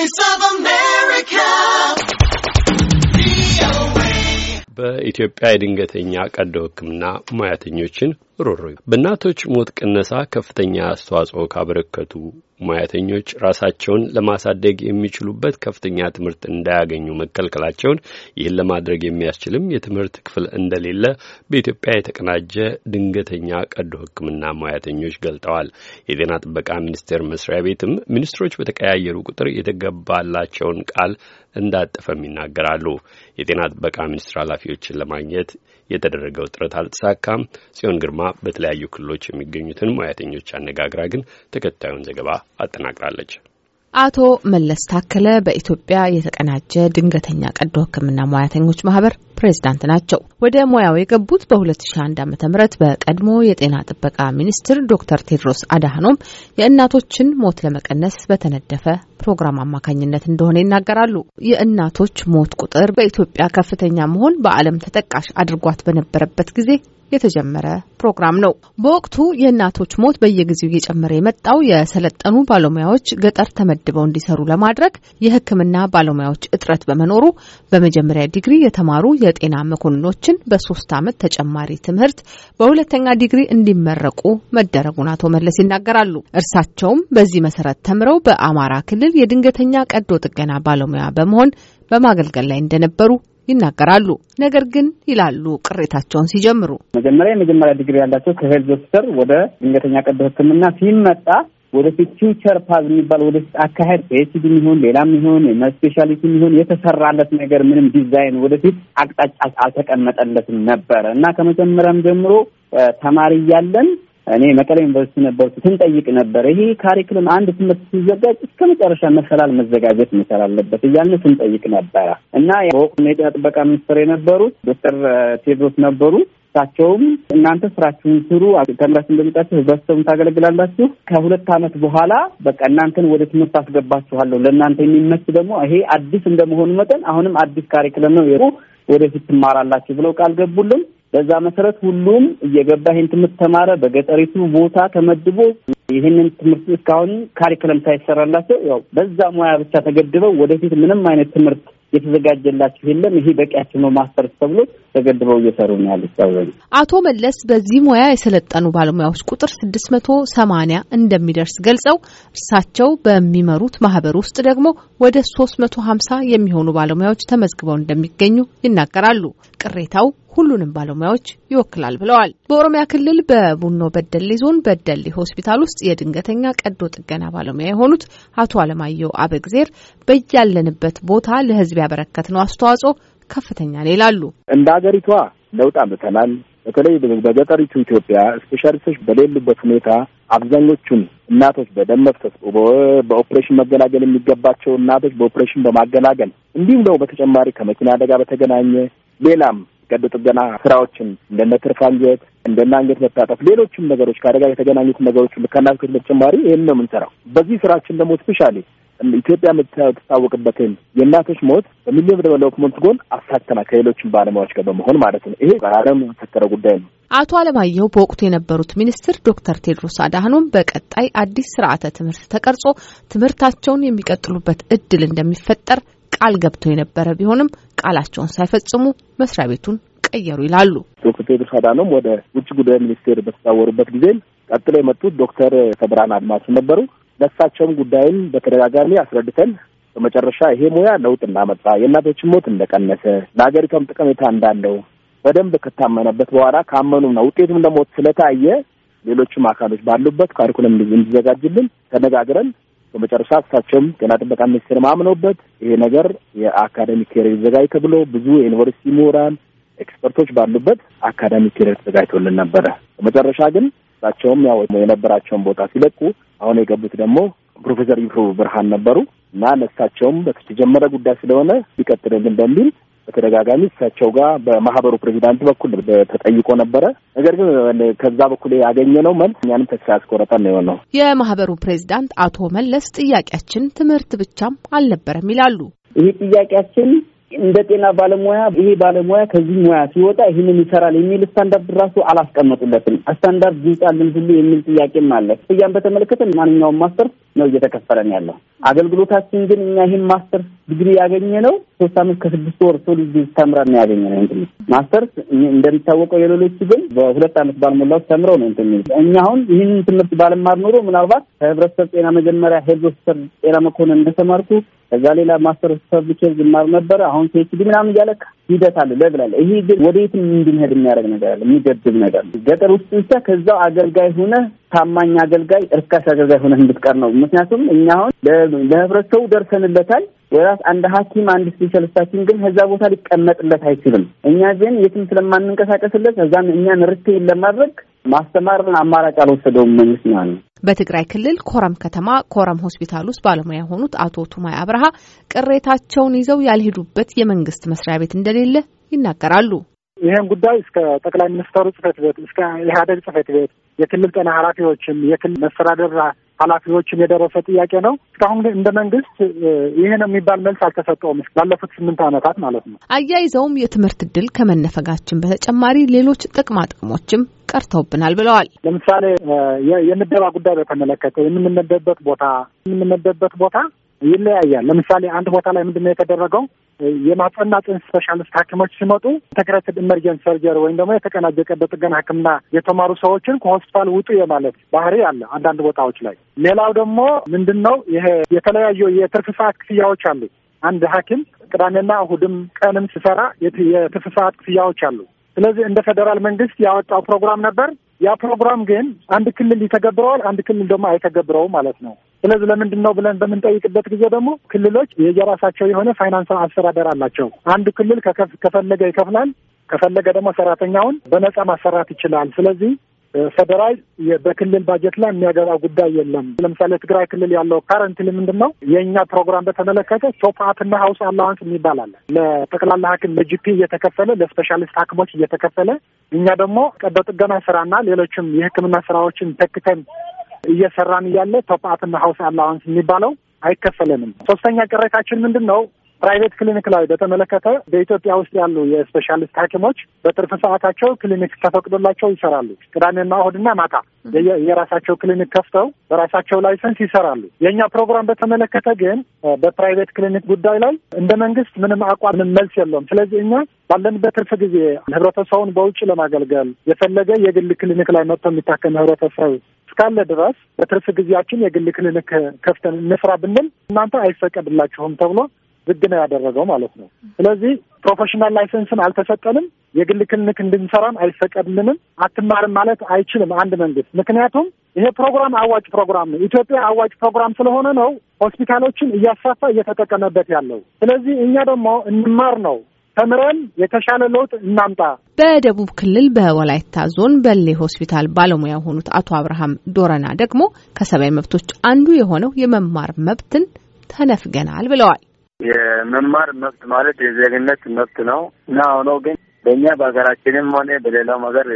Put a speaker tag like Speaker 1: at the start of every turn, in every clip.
Speaker 1: Voice of America.
Speaker 2: በኢትዮጵያ የድንገተኛ ቀዶ ሕክምና ሙያተኞችን ሮሮ በእናቶች ሞት ቅነሳ ከፍተኛ አስተዋጽኦ ካበረከቱ ሙያተኞች ራሳቸውን ለማሳደግ የሚችሉበት ከፍተኛ ትምህርት እንዳያገኙ መከልከላቸውን ይህን ለማድረግ የሚያስችልም የትምህርት ክፍል እንደሌለ በኢትዮጵያ የተቀናጀ ድንገተኛ ቀዶ ሕክምና ሙያተኞች ገልጠዋል። የጤና ጥበቃ ሚኒስቴር መስሪያ ቤትም ሚኒስትሮች በተቀያየሩ ቁጥር የተገባላቸውን ቃል እንዳጠፈም ይናገራሉ። የጤና ጥበቃ ሚኒስቴር ኃላፊዎችን ለማግኘት የተደረገው ጥረት አልተሳካም። ጽዮን ግርማ በተለያዩ ክልሎች የሚገኙትን ሙያተኞች አነጋግራ ግን ተከታዩን ዘገባ አጠናቅራለች።
Speaker 3: አቶ መለስ ታከለ በኢትዮጵያ የተቀናጀ ድንገተኛ ቀዶ ሕክምና ሙያተኞች ማህበር ፕሬዝዳንት ናቸው። ወደ ሙያው የገቡት በ2001 ም በቀድሞ የጤና ጥበቃ ሚኒስትር ዶክተር ቴድሮስ አድሃኖም የእናቶችን ሞት ለመቀነስ በተነደፈ ፕሮግራም አማካኝነት እንደሆነ ይናገራሉ። የእናቶች ሞት ቁጥር በኢትዮጵያ ከፍተኛ መሆን በዓለም ተጠቃሽ አድርጓት በነበረበት ጊዜ የተጀመረ ፕሮግራም ነው። በወቅቱ የእናቶች ሞት በየጊዜው እየጨመረ የመጣው የሰለጠኑ ባለሙያዎች ገጠር ተመድበው እንዲሰሩ ለማድረግ የሕክምና ባለሙያዎች እጥረት በመኖሩ በመጀመሪያ ዲግሪ የተማሩ የጤና መኮንኖችን በሶስት ዓመት ተጨማሪ ትምህርት በሁለተኛ ዲግሪ እንዲመረቁ መደረጉን አቶ መለስ ይናገራሉ። እርሳቸውም በዚህ መሰረት ተምረው በአማራ ክልል የድንገተኛ ቀዶ ጥገና ባለሙያ በመሆን በማገልገል ላይ እንደነበሩ ይናገራሉ። ነገር ግን ይላሉ ቅሬታቸውን ሲጀምሩ
Speaker 2: መጀመሪያ የመጀመሪያ ዲግሪ ያላቸው ከሄልዝ ዶክተር ወደ ድንገተኛ ቀዶ ሕክምና ሲመጣ ወደፊት ፊውቸር ፓዝ የሚባል ወደፊት አካሄድ በኤችዲ ሚሆን ሌላም ሚሆን ስፔሻሊቲ ሚሆን የተሰራለት ነገር ምንም ዲዛይን ወደፊት አቅጣጫ አልተቀመጠለትም ነበረ እና ከመጀመሪያም ጀምሮ ተማሪ እያለን እኔ መቀሌ ዩኒቨርሲቲ ነበርኩ ስንጠይቅ ነበር። ይሄ ካሪክለም አንድ ትምህርት ሲዘጋጅ እስከ መጨረሻ መሰላል መዘጋጀት መቻል አለበት እያልን ስንጠይቅ ነበረ እና በወቅቱ የጤና ጥበቃ ሚኒስትር የነበሩት ዶክተር ቴድሮስ ነበሩ። እሳቸውም እናንተ ስራችሁን ስሩ፣ ተምራችሁ እንደመጣችሁ ህብረተሰቡን ታገለግላላችሁ። ከሁለት አመት በኋላ በቃ እናንተን ወደ ትምህርት አስገባችኋለሁ። ለእናንተ የሚመች ደግሞ ይሄ አዲስ እንደመሆኑ መጠን አሁንም አዲስ ካሪክለም ነው ወደፊት ትማራላችሁ ብለው ቃል ገቡልን። በዛ መሰረት ሁሉም እየገባ ይህን ትምህርት ተማረ። በገጠሪቱ ቦታ ተመድቦ ይህንን ትምህርት እስካሁን ካሪክለም ሳይሰራላቸው ያው በዛ ሙያ ብቻ ተገድበው ወደፊት ምንም አይነት ትምህርት የተዘጋጀላችሁ የለም ይሄ በቂያችን ነው ማስተርስ ተብሎ ተገድበው እየሰሩ ነው ያሉት።
Speaker 3: አቶ መለስ በዚህ ሙያ የሰለጠኑ ባለሙያዎች ቁጥር ስድስት መቶ ሰማኒያ እንደሚደርስ ገልጸው እርሳቸው በሚመሩት ማህበር ውስጥ ደግሞ ወደ ሶስት መቶ ሀምሳ የሚሆኑ ባለሙያዎች ተመዝግበው እንደሚገኙ ይናገራሉ። ቅሬታው ሁሉንም ባለሙያዎች ይወክላል ብለዋል። በኦሮሚያ ክልል በቡኖ በደሌ ዞን በደሌ ሆስፒታል ውስጥ ውስጥ የድንገተኛ ቀዶ ጥገና ባለሙያ የሆኑት አቶ አለማየሁ አበግዜር በያለንበት ቦታ ለሕዝብ ያበረከትነው አስተዋጽኦ ከፍተኛ ነው ይላሉ።
Speaker 2: እንደ ሀገሪቷ ለውጥ አምጥተናል። በተለይ በገጠሪቱ ኢትዮጵያ ስፔሻሊስቶች በሌሉበት ሁኔታ አብዛኞቹን እናቶች በደም መፍሰስ በኦፕሬሽን መገላገል የሚገባቸው እናቶች በኦፕሬሽን በማገላገል እንዲሁም ደግሞ በተጨማሪ ከመኪና አደጋ በተገናኘ ሌላም ቀዶ ጥገና ስራዎችን እንደነ ትርፍ አንጀት እንደነ አንገት መታጠፍ፣ ሌሎችም ነገሮች ከአደጋ የተገናኙት ነገሮች ከናልኩት በተጨማሪ ይህን ነው የምንሰራው። በዚህ ስራችን ደግሞ ስፔሻሊ ኢትዮጵያ የምትታወቅበትን የእናቶች ሞት በሚሊዮን ዴቨሎፕመንት ጎን አሳተና ከሌሎችም ባለሙያዎች ጋር በመሆን ማለት ነው። ይሄ ዓለም የተፈጠረ ጉዳይ ነው።
Speaker 3: አቶ አለማየሁ በወቅቱ የነበሩት ሚኒስትር ዶክተር ቴድሮስ አድሃኖም በቀጣይ አዲስ ስርዓተ ትምህርት ተቀርጾ ትምህርታቸውን የሚቀጥሉበት እድል እንደሚፈጠር ቃል ገብተው የነበረ ቢሆንም ቃላቸውን ሳይፈጽሙ መስሪያ ቤቱን ቀየሩ ይላሉ።
Speaker 2: ዶክተር አዳኖም ወደ ውጭ ጉዳይ ሚኒስቴር በተዛወሩበት ጊዜ ቀጥሎ የመጡት ዶክተር ተብራን አድማሱ ነበሩ። ለሳቸውም ጉዳይን በተደጋጋሚ አስረድተን በመጨረሻ ይሄ ሙያ ለውጥ እንዳመጣ የእናቶችን ሞት እንደቀነሰ ለሀገሪቷም ጠቀሜታ እንዳለው በደንብ ከታመነበት በኋላ ካመኑና ነው ውጤቱም ደግሞ ስለታየ ሌሎቹም አካሎች ባሉበት ካሪኩለም እንዲዘጋጅልን ተነጋግረን በመጨረሻ እሳቸውም ጤና ጥበቃ ሚኒስቴር ማምኖበት ይሄ ነገር የአካደሚክ ኬር ይዘጋጅ ተብሎ ብዙ የዩኒቨርሲቲ ምሁራን ኤክስፐርቶች ባሉበት አካዳሚክ ኬር ተዘጋጅቶልን ነበረ። በመጨረሻ ግን እሳቸውም ያው የነበራቸውን ቦታ ሲለቁ አሁን የገቡት ደግሞ ፕሮፌሰር ይፍሩ ብርሃን ነበሩ እና ለእሳቸውም በተጀመረ ጉዳይ ስለሆነ ሊቀጥልልን በሚል በተደጋጋሚ እሳቸው ጋር በማህበሩ ፕሬዚዳንት በኩል ተጠይቆ ነበረ። ነገር ግን ከዛ በኩል ነው መልስ እኛንም ተስፋ ያስቆረጠን ነው የሆነው።
Speaker 3: የማህበሩ ፕሬዚዳንት አቶ መለስ ጥያቄያችን ትምህርት ብቻም አልነበረም ይላሉ።
Speaker 2: ይህ ጥያቄያችን እንደ ጤና ባለሙያ ይሄ ባለሙያ ከዚህ ሙያ ሲወጣ ይህንን ይሰራል የሚል ስታንዳርድ ራሱ አላስቀመጡለትም። ስታንዳርድ ይውጣልን ሁሉ የሚል ጥያቄም አለ። ክፍያን በተመለከተ ማንኛውም ማስተር ነው እየተከፈለን ያለው። አገልግሎታችን ግን እኛ ይህን ማስተር ዲግሪ ያገኘ ነው ሶስት አመት ከስድስት ወር ሰው ልጅ ተምረን ነው ያገኘ ነው። እንትን ማስተርስ እንደሚታወቀው የሌሎቹ ግን በሁለት አመት ባልሞላው ተምረው ነው እንትን። እኛ አሁን ይህን ትምህርት ባለማር ኖሮ ምናልባት ከህብረተሰብ ጤና መጀመሪያ ሄልዝ ኦፊሰር ጤና መኮንን እንደተማርኩ ከዛ ሌላ ማስተር ሰርቲፊኬት ዝማር ነበረ። አሁን ፒኤችዲ ምናምን እያለ ሂደት አለ ለብላለ ይሄ ግን ወደየትም እንድንሄድ የሚያደርግ ነገር አለ፣ የሚገድብ ነገር ገጠር ውስጥ ብቻ ከዛው አገልጋይ ሆነ ታማኝ አገልጋይ፣ እርካሽ አገልጋይ ሆነ እንድትቀር ነው። ምክንያቱም እኛ አሁን ለህብረተሰቡ ደርሰንለታል። የራስ አንድ ሐኪም አንድ ስፔሻሊስት ሐኪም ግን ከዛ ቦታ ሊቀመጥለት አይችልም። እኛ ግን የትም ስለማንንቀሳቀስለት ከዛም እኛን ርቴን ለማድረግ ማስተማርን አማራጭ አልወሰደውም መንግስት ማለት ነው።
Speaker 3: በትግራይ ክልል ኮረም ከተማ ኮረም ሆስፒታል ውስጥ ባለሙያ የሆኑት አቶ ቱማይ አብርሃ ቅሬታቸውን ይዘው ያልሄዱበት የመንግስት መስሪያ ቤት እንደሌለ ይናገራሉ።
Speaker 1: ይህም ጉዳይ እስከ ጠቅላይ ሚኒስተሩ ጽህፈት ቤት እስከ ኢህአዴግ ጽህፈት ቤት የክልል ጤና ኃላፊዎችም የክልል መስተዳደር ኃላፊዎችም የደረሰ ጥያቄ ነው። እስካሁን ግን እንደ መንግስት ይህን የሚባል መልስ አልተሰጠውም ባለፉት ስምንት ዓመታት ማለት ነው።
Speaker 3: አያይዘውም የትምህርት እድል ከመነፈጋችን በተጨማሪ ሌሎች ጥቅማ ጥቅሞችም ቀርተውብናል ብለዋል። ለምሳሌ
Speaker 1: የምደባ ጉዳይ በተመለከተ የምንመደበት ቦታ የምንመደበት ቦታ ይለያያል። ለምሳሌ አንድ ቦታ ላይ ምንድነው የተደረገው? የማህጸንና ጽንስ ስፔሻሊስት ሐኪሞች ሲመጡ ኢንተግሬትድ ኢመርጀንስ ሰርጀሪ ወይም ደግሞ የተቀናጀ ቀዶ ጥገና ሕክምና የተማሩ ሰዎችን ከሆስፒታል ውጡ የማለት ባህሪ አለ አንዳንድ ቦታዎች ላይ። ሌላው ደግሞ ምንድን ነው ይሄ የተለያዩ የትርፍ ሰዓት ክፍያዎች አሉ። አንድ ሐኪም ቅዳሜና እሁድም ቀንም ሲሰራ የትርፍ ሰዓት ክፍያዎች አሉ። ስለዚህ እንደ ፌዴራል መንግስት ያወጣው ፕሮግራም ነበር። ያ ፕሮግራም ግን አንድ ክልል ይተገብረዋል፣ አንድ ክልል ደግሞ አይተገብረውም ማለት ነው። ስለዚህ ለምንድን ነው ብለን በምንጠይቅበት ጊዜ ደግሞ ክልሎች የየራሳቸው የሆነ ፋይናንስ አስተዳደር አላቸው። አንዱ ክልል ከፈለገ ይከፍላል፣ ከፈለገ ደግሞ ሰራተኛውን በነጻ ማሰራት ይችላል። ስለዚህ ፌዴራል በክልል ባጀት ላይ የሚያገባው ጉዳይ የለም። ለምሳሌ ትግራይ ክልል ያለው ካረንትሊ ምንድን ነው የእኛ ፕሮግራም በተመለከተ ቶፕአፕና ሀውስ አላዋንስ የሚባል አለ። ለጠቅላላ ሐኪም ለጂፒ እየተከፈለ ለስፔሻሊስት ሐኪሞች እየተከፈለ እኛ ደግሞ ቀዶ ጥገና ስራና ሌሎችም የሕክምና ስራዎችን ተክተን እየሰራን እያለ ቶፕአፕና ሀውስ አላዋንስ የሚባለው አይከፈለንም። ሶስተኛ ቅሬታችን ምንድን ነው? ፕራይቬት ክሊኒክ ላይ በተመለከተ በኢትዮጵያ ውስጥ ያሉ የስፔሻሊስት ሐኪሞች በትርፍ ሰዓታቸው ክሊኒክ ተፈቅዶላቸው ይሰራሉ። ቅዳሜና እሁድና ማታ የራሳቸው ክሊኒክ ከፍተው በራሳቸው ላይሰንስ ይሰራሉ። የእኛ ፕሮግራም በተመለከተ ግን በፕራይቬት ክሊኒክ ጉዳይ ላይ እንደ መንግስት ምንም አቋም፣ ምንም መልስ የለውም። ስለዚህ እኛ ባለንበት ትርፍ ጊዜ ህብረተሰቡን በውጭ ለማገልገል የፈለገ የግል ክሊኒክ ላይ መጥቶ የሚታከም ህብረተሰብ እስካለ ድረስ በትርፍ ጊዜያችን የግል ክሊኒክ ከፍተን እንስራ ብንል እናንተ አይፈቀድላችሁም ተብሎ ዝግ ነው ያደረገው ማለት ነው። ስለዚህ ፕሮፌሽናል ላይሰንስን አልተሰጠንም፣ የግል ክሊኒክ እንድንሰራም አይፈቀድልንም፣ አትማርም ማለት አይችልም አንድ መንግስት። ምክንያቱም ይሄ ፕሮግራም አዋጭ ፕሮግራም ነው። ኢትዮጵያ አዋጭ ፕሮግራም ስለሆነ ነው ሆስፒታሎችን እያስፋፋ እየተጠቀመበት ያለው። ስለዚህ እኛ ደግሞ እንማር ነው ተምረን የተሻለ ለውጥ
Speaker 3: እናምጣ። በደቡብ ክልል በወላይታ ዞን በሌ ሆስፒታል ባለሙያ የሆኑት አቶ አብርሃም ዶረና ደግሞ ከሰብአዊ መብቶች አንዱ የሆነው የመማር መብትን ተነፍገናል ብለዋል።
Speaker 1: የመማር መብት ማለት የዜግነት መብት ነው እና ሆኖ ግን
Speaker 2: በእኛ በሀገራችንም ሆነ በሌላው ሀገር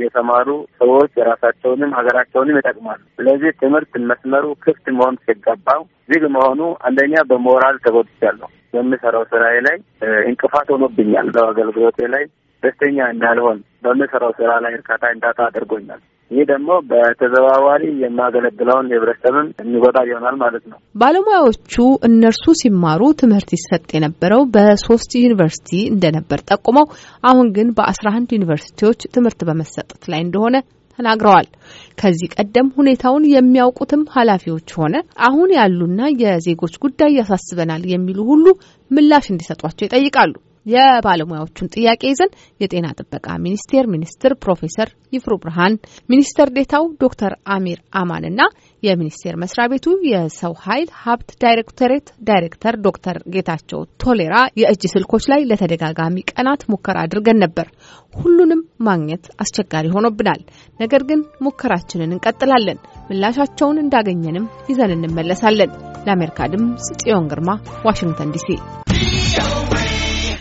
Speaker 2: የተማሩ ሰዎች የራሳቸውንም ሀገራቸውንም ይጠቅማሉ። ስለዚህ ትምህርት መስመሩ ክፍት መሆን ሲገባው ዝግ መሆኑ አንደኛ በሞራል ተጎድቻለሁ። በምሰራው ስራዬ ላይ እንቅፋት ሆኖብኛል። በአገልግሎቴ ላይ ደስተኛ እንዳልሆን፣ በምሰራው ስራ ላይ እርካታ እንዳጣ አድርጎኛል። ይህ ደግሞ በተዘዋዋሪ የማገለግለውን ህብረተሰብም የሚጎዳ ይሆናል ማለት ነው።
Speaker 3: ባለሙያዎቹ እነርሱ ሲማሩ ትምህርት ይሰጥ የነበረው በሶስት ዩኒቨርሲቲ እንደነበር ጠቁመው አሁን ግን በአስራ አንድ ዩኒቨርሲቲዎች ትምህርት በመሰጠት ላይ እንደሆነ ተናግረዋል። ከዚህ ቀደም ሁኔታውን የሚያውቁትም ኃላፊዎች ሆነ አሁን ያሉና የዜጎች ጉዳይ ያሳስበናል የሚሉ ሁሉ ምላሽ እንዲሰጧቸው ይጠይቃሉ። የባለሙያዎቹን ጥያቄ ይዘን የጤና ጥበቃ ሚኒስቴር ሚኒስትር ፕሮፌሰር ይፍሩ ብርሃን፣ ሚኒስተር ዴታው ዶክተር አሚር አማን እና የሚኒስቴር መስሪያ ቤቱ የሰው ኃይል ሀብት ዳይሬክቶሬት ዳይሬክተር ዶክተር ጌታቸው ቶሌራ የእጅ ስልኮች ላይ ለተደጋጋሚ ቀናት ሙከራ አድርገን ነበር። ሁሉንም ማግኘት አስቸጋሪ ሆኖብናል። ነገር ግን ሙከራችንን እንቀጥላለን። ምላሻቸውን እንዳገኘንም ይዘን እንመለሳለን። ለአሜሪካ ድምጽ ጽዮን ግርማ ዋሽንግተን ዲሲ